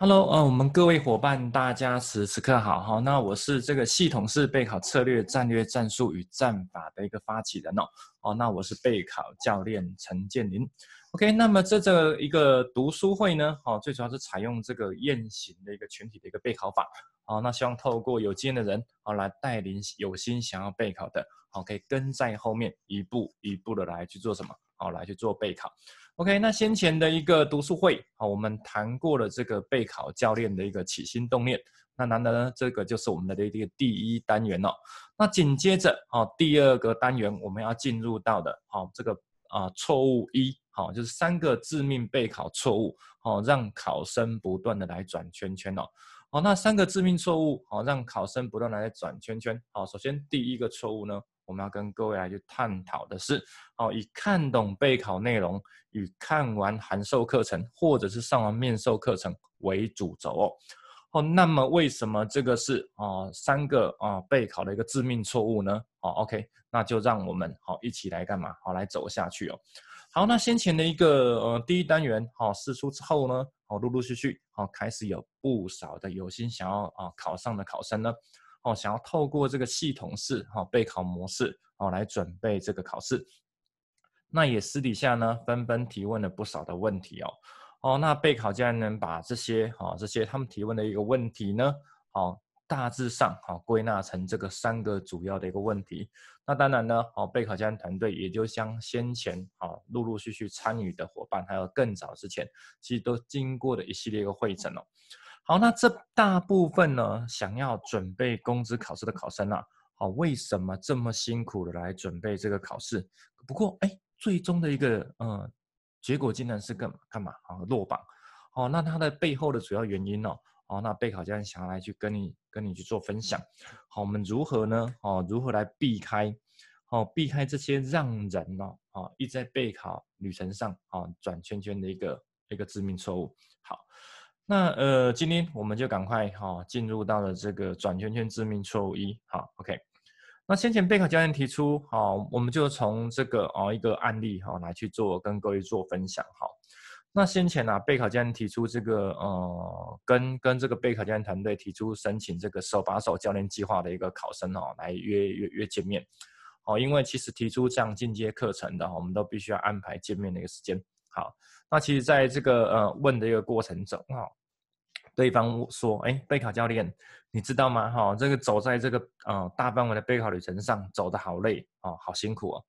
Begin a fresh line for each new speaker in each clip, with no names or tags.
哈嘍啊，呃，我們各位夥伴，大家此時此刻好哈。那我是這個系統式備考策略、戰略、戰術與戰法的一個發起人哦。哦，那我是備考教練陳建林。OK，那麼這這一個讀書會呢，哦，最主要是採用這個雁行的一個群體的一個備考法。哦，那希望透過有經驗的人，哦，來帶領有心想要備考的，好，可以跟在後面一步一步的來去做什麼，好，來去做備考。OK，那先前的一個讀書會，好，我們談過了這個備考教練的一個起心動念。那難得呢，這個就是我們的一個第一單元哦。那緊接着，啊、哦、第二個單元我們要進入到的，哦，這個啊、呃、錯誤一，好、哦，就是三個致命備考錯誤，哦，讓考生不斷的來轉圈圈哦。好、哦，那三個致命錯誤，哦，讓考生不斷的來轉圈圈。哦，首先第一個錯誤呢。我們要跟各位來去探討的是，以看懂備考內容與看完函授課程或者是上完面授課程為主軸哦、哦。那麼為什麼這個是啊、呃、三個啊、呃、備考的一個致命錯誤呢、哦、？o、okay, k 那就讓我們好、哦、一起來幹嘛？好、哦、來走下去哦。好，那先前的一個呃第一單元哈、哦、釋出之後呢，好、哦，陸陸續續好、哦、開始有不少的有心想要啊、哦、考上的考生呢。想要透過這個系統式哈備考模式哦來準備這個考試，那也私底下呢紛紛提問了不少的問題哦哦，那備考教練把這些哈、哦、這些他們提問的一個問題呢，好、哦、大致上好、哦、歸納成這個三個主要的一個問題。那當然呢哦，備考教練團隊也就像先前哦陸陸續續參與的夥伴，還有更早之前，其實都經過的一系列的會診哦。好，那這大部分呢，想要準備公職考試的考生啊，好、哦，為什麼這麼辛苦的來準備這個考試？不過，哎，最終的一個呃結果竟然是幹嘛幹嘛、啊？落榜。好、哦，那它的背後的主要原因呢、哦？好、哦，那備考教練想要來去跟你跟你去做分享。好，我們如何呢？好、哦，如何來避開？好、哦，避開這些讓人呢、哦，啊、哦，一直在備考旅程上啊、哦、轉圈圈的一個一個致命錯誤。好。那呃，今天我們就趕快哈，進入到了這個轉圈圈致命錯誤一，好，OK，那先前備考教練提出，好，我們就從這個哦一個案例哈，來去做跟各位做分享哈。那先前呢，備考教練提出這個呃跟跟這個備考教練團隊提出申請這個手把手教練計劃的一個考生哦來約約約見面哦，因為其實提出這樣進階課程的哦，我們都必須要安排見面的一個時間。好，那其實在這個呃問的一個過程中哈、哦，對方說，哎，備考教練，你知道嗎？哈、哦，這個走在這個呃大範圍的備考旅程上，走得好累哦，好辛苦哦。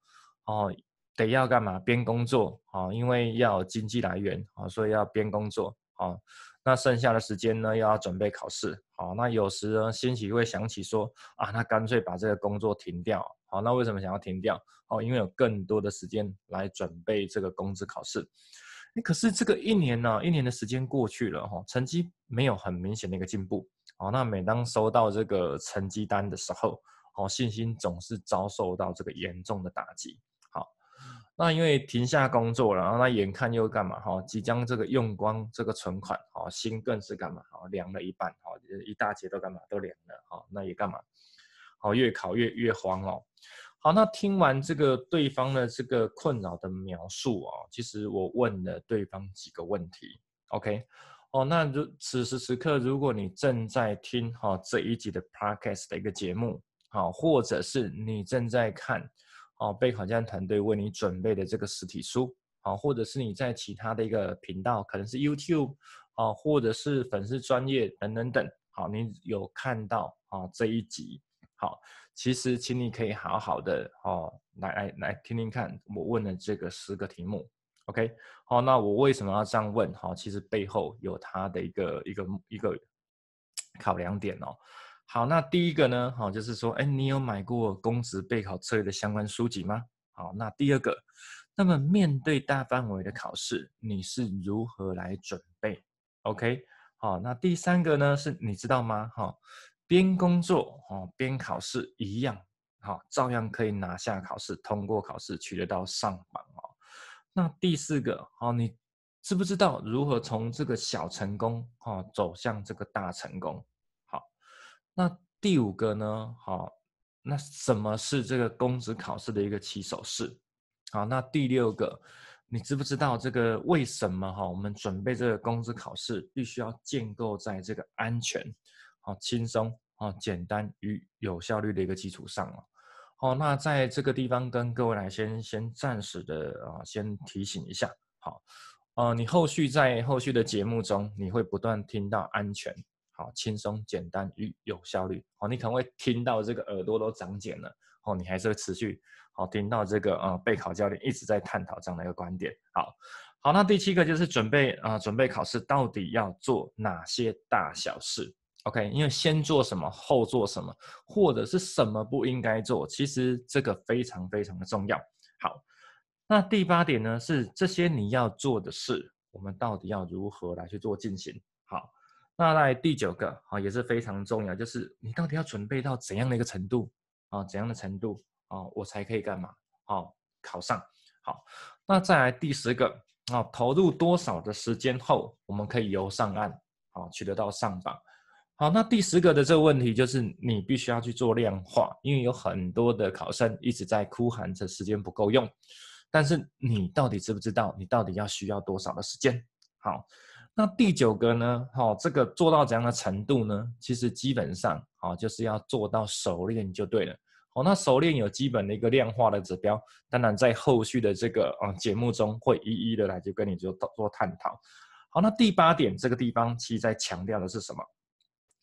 哦，得要幹嘛？邊工作啊、哦，因為要經濟來源啊、哦，所以要邊工作啊、哦。那剩下的時間呢，又要準備考試。好、哦，那有時呢，興許會想起說啊，那乾脆把這個工作停掉。好，那為什麼想要停掉、哦？因為有更多的時間來準備這個公職考試。可是這個一年呢、啊，一年的時間過去了，哈，成績沒有很明顯的一個進步。好，那每當收到這個成績單的時候，信心總是遭受到這個嚴重的打擊。好，那因為停下工作了，然後那眼看又幹嘛？哈，即將這個用光這個存款，好，心更是幹嘛？好，涼了一半，好，一大截都幹嘛？都涼了，好，那也幹嘛？好，越考越越慌哦。好，那聽完這個對方的這個困擾的描述哦，其實我問了對方幾個問題，OK？哦，那如此時此刻，如果你正在聽哈、哦、這一集的 Podcast 的一個節目，好、哦，或者是你正在看哦備考家團隊為你準備的這個實體書，好、哦，或者是你在其他的一個頻道，可能是 YouTube 啊、哦，或者是粉絲專頁等等等，好、哦，你有看到啊、哦、這一集。好，其實請你可以好好的哦，來來來聽聽看我問了這個十個題目，OK，好，那我為什麼要這樣問？哈、哦，其實背後有它的一個一個一個考量點哦。好，那第一個呢，哈、哦，就是說，哎，你有買過公職備考策略的相關書籍嗎？好，那第二個，那麼面對大範圍的考試，你是如何來準備？OK，好，那第三個呢，是你知道嗎？好、哦。邊工作哦，邊考試一樣好，照樣可以拿下考試，通過考試，取得到上榜哦。那第四個，你知不知道如何從這個小成功走向這個大成功？好，那第五個呢？好，那什麼是這個公職考試的一個起手式？好，那第六個，你知不知道這個為什麼哈？我們準備這個公職考試必須要建構在這個安全。哦，輕鬆哦，簡單與有效率的一個基礎上哦，哦，那在這個地方跟各位來先先暫時的啊，先提醒一下，好，呃，你後續在後續的節目中，你會不斷聽到安全，好，輕鬆簡單與有效率哦，你可能會聽到這個耳朵都長繭了哦，你還是會持續好聽到這個呃備考教練一直在探討這樣的一個觀點，好好，那第七個就是準備啊，準備考試到底要做哪些大小事。OK，因為先做什麼，後做什麼，或者是什麼不應該做，其實這個非常非常的重要。好，那第八點呢是這些你要做的事，我們到底要如何來去做進行？好，那在第九個啊也是非常重要，就是你到底要準備到怎樣的一個程度啊？怎樣的程度啊？我才可以幹嘛？好，考上。好，那再來第十個啊，投入多少的時間後，我們可以由上岸，啊，取得到上榜。好，那第十個的這個問題就是你必須要去做量化，因為有很多的考生一直在哭喊着時間不夠用，但是你到底知不知道你到底要需要多少的時間？好，那第九個呢？好，這個做到怎樣的程度呢？其實基本上啊就是要做到熟練就對了。好，那熟練有基本的一個量化的指標，當然在後續的這個呃節目中會一一的來就跟你就做做探討。好，那第八點這個地方其實在強調的是什麼？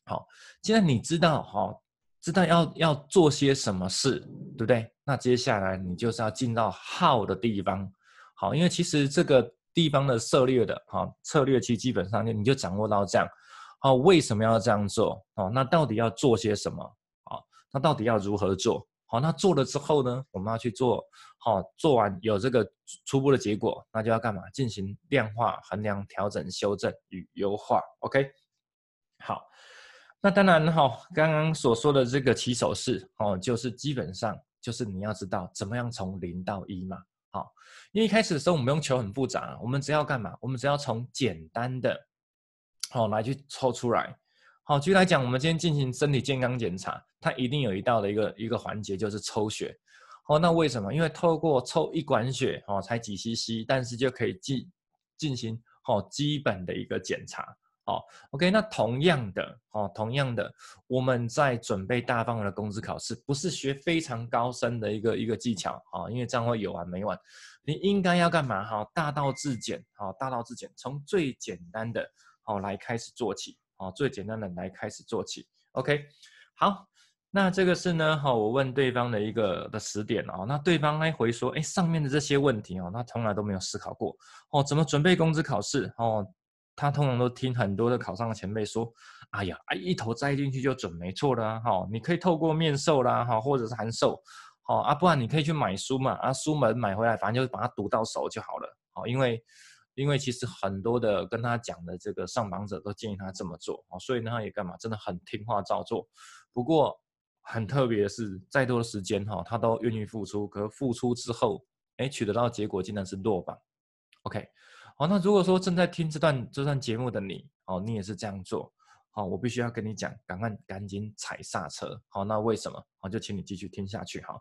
好，既然你知道，哈、哦，知道要要做些什麼事，對不對？那接下來你就是要進到 How 的地方，好，因為其實這個地方的策略的，哈、哦，策略其實基本上就你就掌握到這樣。好、哦，為什麼要這樣做？好、哦，那到底要做些什麼？好、哦，那到底要如何做？好、哦，那做了之後呢，我們要去做，好、哦，做完有這個初步的結果，那就要幹嘛？進行量化衡量、調整、修正與優化。OK，好。那當然哈，剛剛所說的這個起手式哦，就是基本上就是你要知道怎麼樣從零到一嘛。好，因為一開始的時候我們不用求很複雜，我們只要幹嘛？我們只要從簡單的，好來去抽出來。好，舉例來講，我們今天進行身體健康檢查，它一定有一道的一個一個環節就是抽血。哦，那為什麼？因為透過抽一管血哦，才幾 cc，但是就可以進進行好基本的一個檢查。哦，OK，那同樣的，同樣的，我們在準備大範圍的公職考試，不是學非常高深的一個一個技巧，啊，因為這樣會有完沒完。你應該要幹嘛？哈，大道至簡，哈，大道至簡，從最簡單的，哦，來開始做起，哦，最簡單的來開始做起。OK，好，那這個是呢，哈，我問對方的一個的時點。哦，那對方來回說，哎，上面的這些問題，哦，他從來都沒有思考過，哦，怎麼準備公職考試，哦。他通常都聽很多的考上的前輩說：“哎呀，哎，一頭栽進去就準沒錯了哈，你可以透過面授啦，哈，或者是函授，啊，不然你可以去買書嘛，啊，書們買回來，反正就是把它讀到手就好了，因為，因為其實很多的跟他講的這個上榜者都建議他這麼做，所以呢，他也幹嘛，真的很聽話照做。不過很特別的是，再多的時間，哈，他都願意付出，可是付出之後，哎，取得到結果竟然是落榜。OK。好，那如果說正在聽這段這段節目的你，哦，你也是這樣做，好、哦，我必須要跟你講，趕快趕緊踩剎車，好、哦，那為什麼？好、哦，就請你繼續聽下去，哈。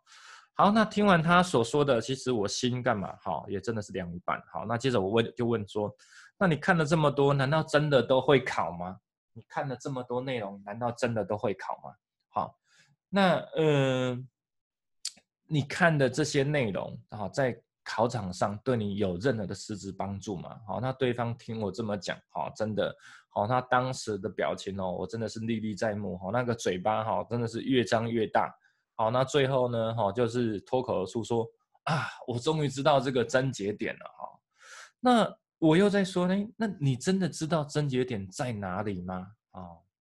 好，那聽完他所說的，其實我心幹嘛？好，也真的是涼一半。好，那接着我問，就問說，那你看了這麼多，難道真的都會考嗎？你看了這麼多內容，難道真的都會考嗎？好，那呃，你看的這些內容，好、哦，在。考場上對你有任何的實質幫助嗎？好，那對方聽我這麼講，哈，真的，好，那當時的表情哦，我真的是歷歷在目，哈，那個嘴巴哈，真的是越張越大，好，那最後呢，哈，就是脫口而出說啊，我終於知道這個癥結點了，哈，那我又在說，那你真的知道癥結點在哪裡嗎？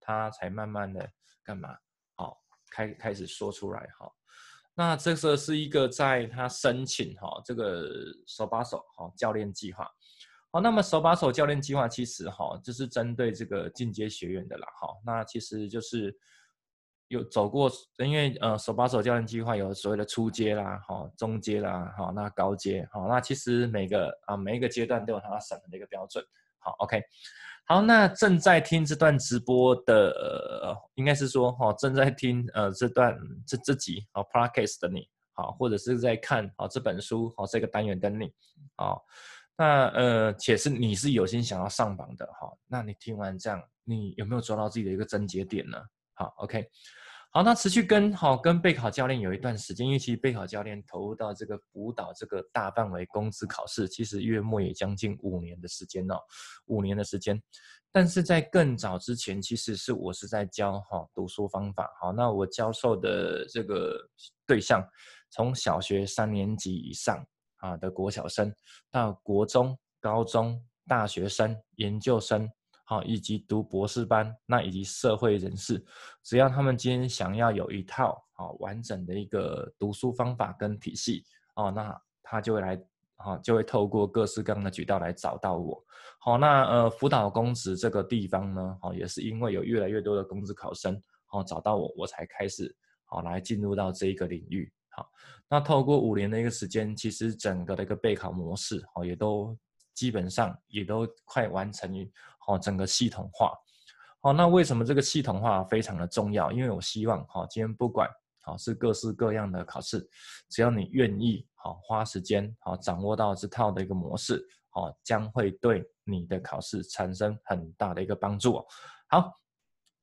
他才慢慢的幹嘛？好，開開始說出來，哈。那這個是一個在他申請哈，這個手把手哈教練計劃，好，那麼手把手教練計劃其實哈就是針對這個進階學員的啦哈，那其實就是有走過，因為呃手把手教練計劃有所謂的初階啦，哈中階啦，哈那高階，好，那其實每個啊每一個階段都有它審核的一個標準，好，OK。好，那正在聽這段直播的，呃、應該是說哈、哦，正在聽呃這段這這集啊、哦、，Podcast 的你，好、哦，或者是在看啊、哦、這本書好、哦，這個單元的你，好、哦。那呃且是你是有心想要上榜的哈、哦，那你聽完這樣，你有沒有抓到自己的一個症結點呢？好，OK。好，那持續跟好、哦、跟備考教練有一段時間，因為其實備考教練投入到這個輔導這個大範圍公職考試，其實約莫也將近五年的時間哦，五年的時間。但是在更早之前，其實是我是在教哈、哦、讀書方法。好，那我教授的這個對象，從小學三年級以上啊的國小生，到國中、高中、大學生、研究生。好，以及讀博士班，那以及社會人士，只要他們今天想要有一套完整的一個讀書方法跟體系哦，那他就會來，就會透過各式各樣的渠道來找到我。好，那呃，輔導公職這個地方呢，也是因為有越來越多的公職考生找到我，我才開始好來進入到這一個領域。好，那透過五年的一個時間，其實整個的一個備考模式也都基本上也都快完成於。哦，整個系統化，好，那為什麼這個系統化非常的重要？因為我希望，哈，今天不管，是各式各樣的考試，只要你願意，花時間，掌握到這套的一個模式，哦，將會對你的考試產生很大的一個幫助。好，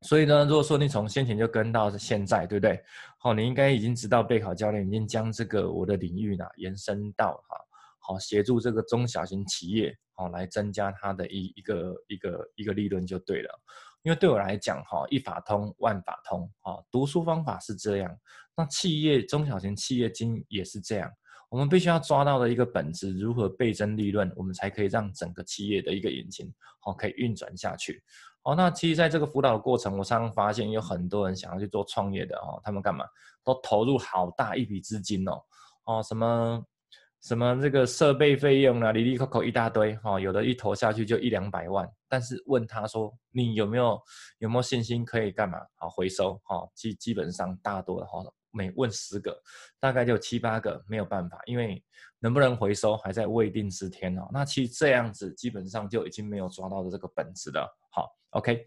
所以呢，如果說你從先前就跟到現在，對不對？好，你應該已經知道，備考教練已經將這個我的領域呢延伸到，哈，好，協助這個中小型企業。哦，來增加它的一個一個一個一個利潤就對了，因為對我來講哈，一法通萬法通啊，讀書方法是這樣，那企業中小型企業經營也是這樣，我們必須要抓到的一個本質，如何倍增利潤，我們才可以讓整個企業的一個引擎哦可以運轉下去。哦，那其實在這個輔導的過程，我常常發現有很多人想要去做創業的哦，他們幹嘛都投入好大一筆資金哦，哦什麼。什麼這個設備費用啊，里里扣扣一大堆哈，有的一投下去就一兩百萬，但是問他說，你有沒有有沒有信心可以幹嘛？好回收哈，基基本上大多的哈，每問十個，大概就七八個沒有辦法，因為能不能回收還在未定之天哦。那其實這樣子基本上就已經沒有抓到的這個本質了，好。OK，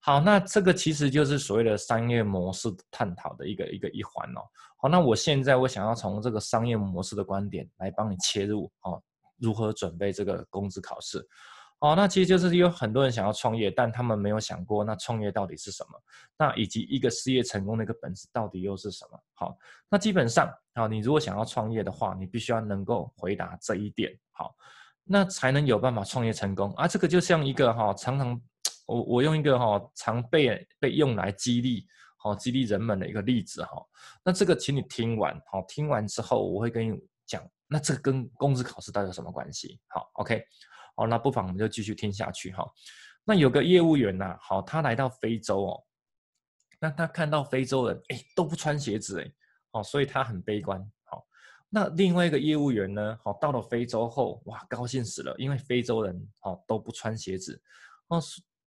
好，那這個其實就是所謂的商業模式探討的一個一個一環哦。好，那我現在我想要從這個商業模式的觀點來幫你切入哦，如何準備這個公職考試？好、哦，那其實就是有很多人想要創業，但他們沒有想過那創業到底是什麼，那以及一個事業成功的一個本質到底又是什麼？好，那基本上啊、哦，你如果想要創業的話，你必須要能夠回答這一點，好，那才能有辦法創業成功啊。這個就像一個哈、哦，常常。我我用一個哈常被被用來激勵好激勵人們的一個例子哈，那這個請你聽完哈，聽完之後我會跟你講，那這個跟公職考試到底有什麼關係？好，OK，好，那不妨我們就繼續聽下去哈。那有個業務員吶，好，他來到非洲哦，那他看到非洲人哎都不穿鞋子誒，好，所以他很悲觀好。那另外一個業務員呢，好，到了非洲後哇高興死了，因為非洲人哦都不穿鞋子哦。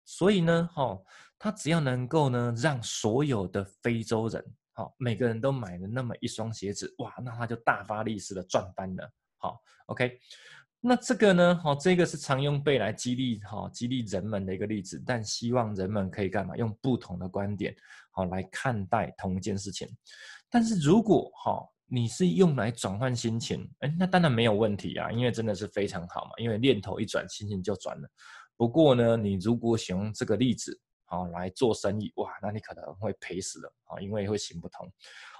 所以呢，哈、哦，他只要能夠呢，讓所有的非洲人、哦，每個人都買了那麼一雙鞋子，哇，那他就大發利市的賺翻了，好、哦，OK，那這個呢，好、哦，這個是常用背來激勵，哈、哦，激勵人們的一個例子，但希望人們可以幹嘛？用不同的觀點，好、哦，來看待同一件事情。但是如果哈、哦，你是用來轉換心情誒，那當然沒有問題啊，因為真的是非常好嘛，因為念頭一轉，心情就轉了。不過呢，你如果想用這個例子啊，來做生意，哇，那你可能會賠死了啊，因為會行不通。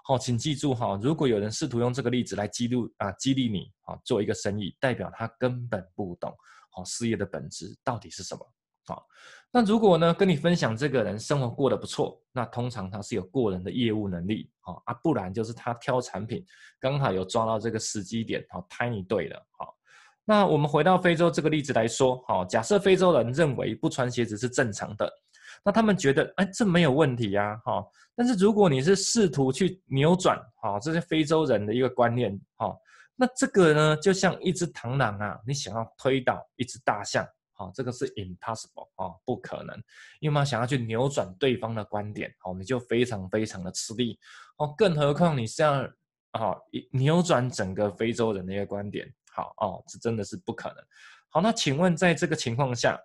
好，請記住哈，如果有人試圖用這個例子來激勵啊激勵你啊做一個生意，代表他根本不懂好事業的本質到底是什麼啊。那如果呢跟你分享這個人生活過得不錯，那通常他是有過人的業務能力啊啊，不然就是他挑產品剛好有抓到這個時機點好攤一對了啊。那我們回到非洲這個例子來說，哈，假設非洲人認為不穿鞋子是正常的，那他們覺得，哎，這沒有問題呀，哈。但是如果你是試圖去扭轉，哈，這些非洲人的一個觀念，哈，那這個呢，就像一隻螳螂啊，你想要推倒一隻大象，哈，這個是 impossible 啊，不可能。因為要想要去扭轉對方的觀點，哦，你就非常非常的吃力，哦，更何況你是要，哈，扭轉整個非洲人的一個觀點。好哦，這真的是不可能。好，那請問，在這個情況下，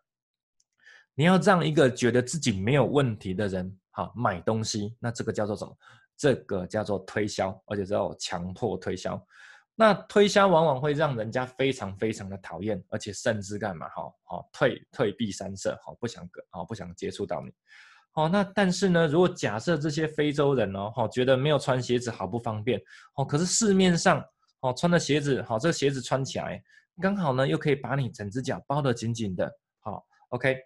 你要讓一個覺得自己沒有問題的人，好，哦，買東西，那這個叫做什麼？這個叫做推銷，而且叫強迫推銷。那推銷往往會讓人家非常非常的討厭，而且甚至幹嘛？哈，哦，退退避三捨，哦，不想，哦，不想接觸到你。好，哦，那但是呢，如果假設這些非洲人哦，哦，覺得沒有穿鞋子好不方便，哦，可是市面上。哦，穿的鞋子好，這個鞋子穿起來剛好呢，又可以把你整隻腳包得緊緊的，好，OK，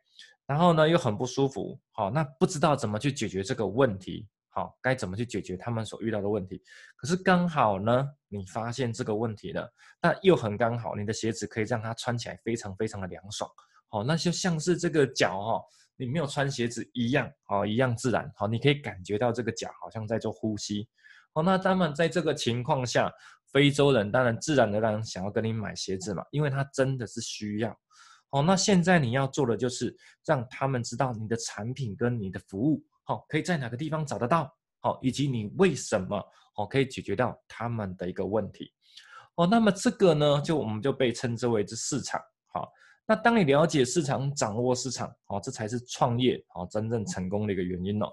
然後呢又很不舒服，好，那不知道怎麼去解決這個問題，好，該怎麼去解決他們所遇到的問題？可是剛好呢，你發現這個問題了，那又很剛好，你的鞋子可以讓他穿起來非常非常的涼爽，好，那就像是這個腳哈，你沒有穿鞋子一樣，啊，一樣自然，好，你可以感覺到這個腳好像在做呼吸，好，那他們在這個情況下。非洲人當然自然而然想要跟你買鞋子嘛，因為他真的是需要。好、哦，那現在你要做的就是讓他們知道你的產品跟你的服務，好、哦、可以在哪個地方找得到，好、哦、以及你為什麼好、哦、可以解決到他們的一個問題。好、哦，那麼這個呢，就我們就被稱之為是市場。好、哦，那當你了解市場、掌握市場，好、哦、這才是創業好、哦、真正成功的一個原因哦。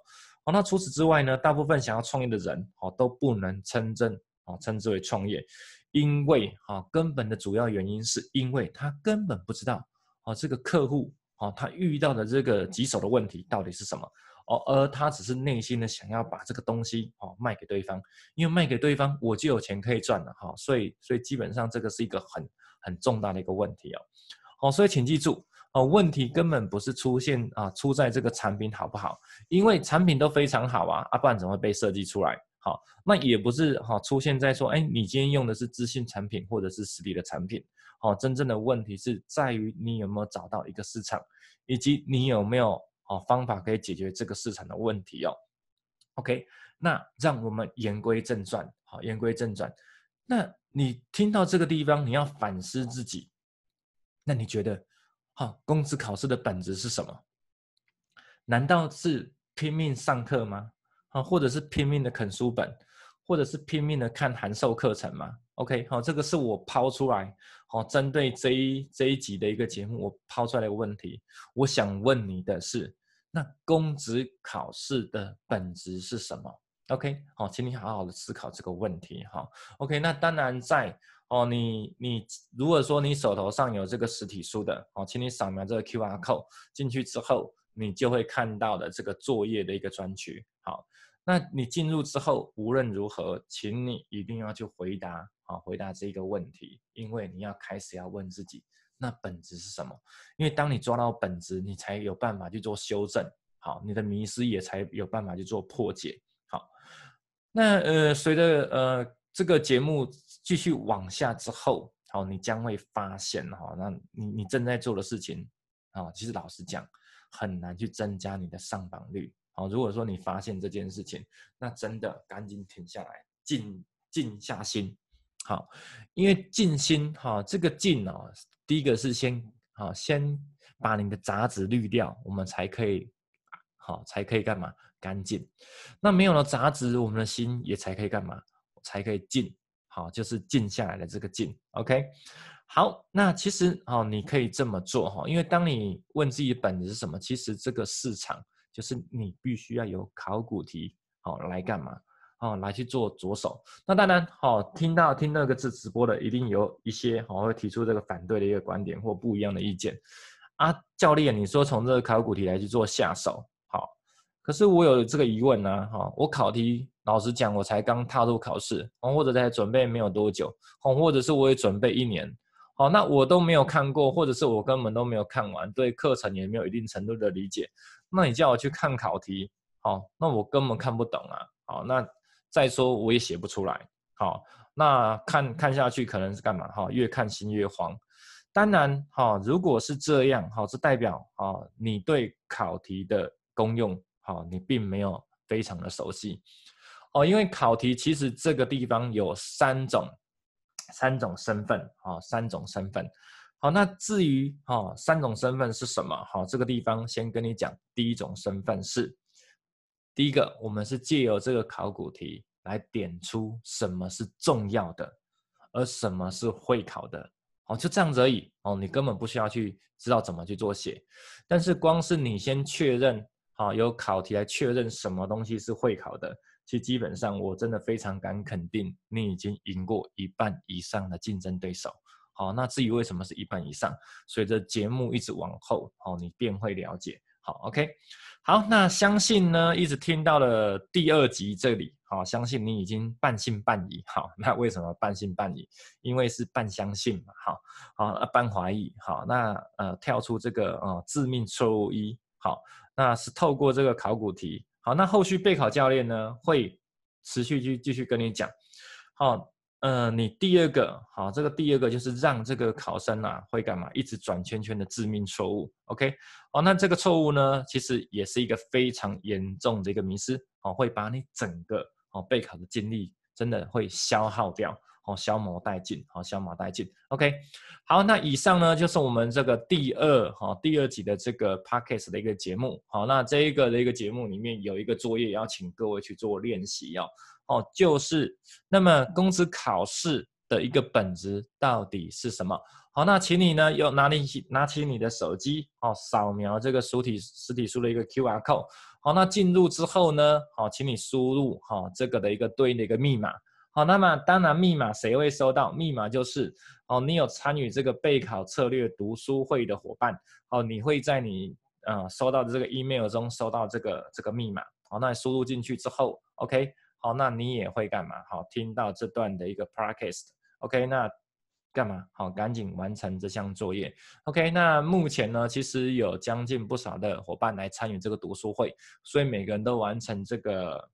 好、哦，那除此之外呢，大部分想要創業的人，好、哦、都不能稱真啊，稱之為創業，因為啊、哦，根本的主要原因是因為他根本不知道啊、哦，這個客戶啊、哦，他遇到的這個棘手的問題到底是什麼哦，而他只是內心的想要把這個東西哦賣給對方，因為賣給對方我就有錢可以賺了哈、哦，所以所以基本上這個是一個很很重大的一個問題哦，哦，所以請記住哦，問題根本不是出現啊，出在這個產品好不好，因為產品都非常好啊，啊，不然怎麼會被設計出來？好，那也不是好、哦、出現在說，哎，你今天用的是資訊產品或者是實體的產品，好、哦，真正的問題是在於你有沒有找到一個市場，以及你有沒有好、哦、方法可以解決這個市場的問題哦。OK，那讓我們言歸正傳，好、哦，言歸正傳，那你聽到這個地方，你要反思自己，那你覺得，好、哦，公職考試的本質是什麼？難道是拼命上課嗎？啊，或者是拼命的啃書本，或者是拼命的看函授課程嘛。OK，好，這個是我拋出來，好，針對這一這一集的一個節目，我拋出來一個問題，我想問你的是，那公職考試的本質是什麼？OK，好，請你好好的思考這個問題哈。OK，那當然在哦，你你如果說你手頭上有這個實體書的哦，請你掃描這個 QR code 進去之後。你就會看到的這個作業的一個專區。好，那你進入之後，無論如何，請你一定要去回答，好，回答這一個問題，因為你要開始要問自己，那本質是什麼？因為當你抓到本質，你才有辦法去做修正。好，你的迷思也才有辦法去做破解。好，那呃，隨着呃這個節目繼續往下之後，好，你將會發現哈，那你你正在做的事情啊，其實老實講。很難去增加你的上榜率。好、哦，如果說你發現這件事情，那真的趕緊停下來，靜靜下心。好，因為靜心，哈、哦，這個靜啊、哦，第一個是先，好、哦，先把你的雜質濾掉，我們才可以，好、哦，才可以幹嘛？乾淨。那沒有了雜質，我們的心也才可以幹嘛？才可以靜。好、哦，就是靜下來的這個靜。OK。好，那其實你可以這麼做哈，因為當你問自己本質是什麼，其實這個市場就是你必須要有考古題哦來幹嘛哦來去做著手。那當然哦，聽到聽那個字直播的，一定有一些哦會提出這個反對的一個觀點或不一樣的意見啊。教練，你說從這個考古題來去做下手好，可是我有這個疑問呢、啊、哈。我考題老實講，我才剛踏入考試，或或者在準備沒有多久，或或者是我也準備一年。哦，那我都沒有看過，或者是我根本都沒有看完，對課程也沒有一定程度的理解。那你叫我去看考題，好、哦，那我根本看不懂啊。好、哦，那再說我也寫不出來。好、哦，那看看下去可能是幹嘛？哈、哦，越看心越慌。當然，哈、哦，如果是這樣，哈、哦，這代表啊、哦，你對考題的功用，哈、哦，你並沒有非常的熟悉。哦，因為考題其實這個地方有三種。三種身份啊，三種身份。好，那至於啊，三種身份是什麼？好，這個地方先跟你講。第一種身份是，第一個，我們是借由這個考古題來點出什麼是重要的，而什麼是會考的。哦，就這樣子而已。哦，你根本不需要去知道怎麼去做寫，但是光是你先確認，好，有考題來確認什麼東西是會考的。其實基本上，我真的非常敢肯定，你已經贏過一半以上的競爭對手。好，那至於為什麼是一半以上，隨着節目一直往後，哦、你便會了解。好，OK，好，那相信呢，一直聽到了第二集這裡，好、哦，相信你已經半信半疑。好，那為什麼半信半疑？因為是半相信嘛。好，好，半懷疑。好，那呃，跳出這個啊、呃，致命錯誤一。好，那是透過這個考古題。好，那後續備考教練呢會持續去繼續跟你講。好、哦，呃，你第二個好、哦，這個第二個就是讓這個考生啊會幹嘛？一直轉圈圈的致命錯誤。OK，哦，那這個錯誤呢，其實也是一個非常嚴重的一個迷思。哦，會把你整個哦備考的精力真的會消耗掉。哦，消磨殆盡，好，消磨殆盡。OK，好，那以上呢就是我們這個第二，哈，第二集的這個 Podcast 的一個節目，好，那這一個的一個節目裡面有一個作業要請各位去做練習啊，哦，就是那麼公職考試的一個本質到底是什麼？好，那請你呢，要拿你拿起你的手機，哦，掃描這個實體實體書的一個 QR code，好，那進入之後呢，好、哦，請你輸入哈、哦、這個的一個對應的一個密碼。好，那麼當然密碼誰會收到？密碼就是哦，你有參與這個備考策略讀書會的夥伴哦，你會在你呃收到的這個 email 中收到這個這個密碼，好，那你輸入進去之後，OK，好，那你也會幹嘛？好，聽到這段的一個 practice，OK、okay, 那幹嘛？好，趕緊完成這項作業，OK。那目前呢，其實有將近不少的夥伴來參與這個讀書會，所以每個人都完成這個。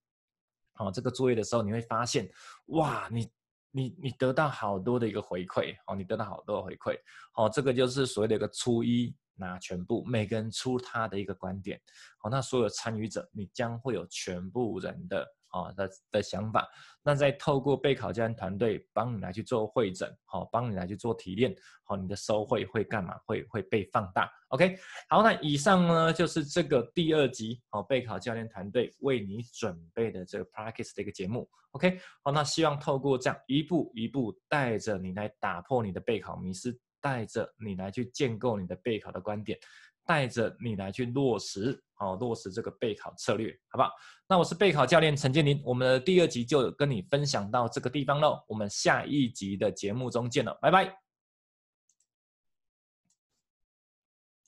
哦，這個作業的時候，你會發現，哇，你你你得到好多的一個回饋，哦，你得到好多的回饋，哦，這個就是所謂的一個出一拿全部，每個人出他的一個觀點，哦，那所有參與者你將會有全部人的。啊、哦，的的想法，那再透過備考教練團隊幫你來去做會診，好、哦，幫你來去做提煉，好、哦，你的收會會幹嘛？會會被放大，OK？好，那以上呢就是這個第二集哦，備考教練團隊為你準備的這個 practice 的一個節目，OK？好，那希望透過這樣一步一步帶着你來打破你的備考迷思，帶着你來去建構你的備考的觀點。帶着你來去落實，好、啊、落實這個備考策略，好不好？那我是備考教練陳建林，我們的第二集就跟你分享到這個地方嘍，我們下一集的節目中見了，拜拜。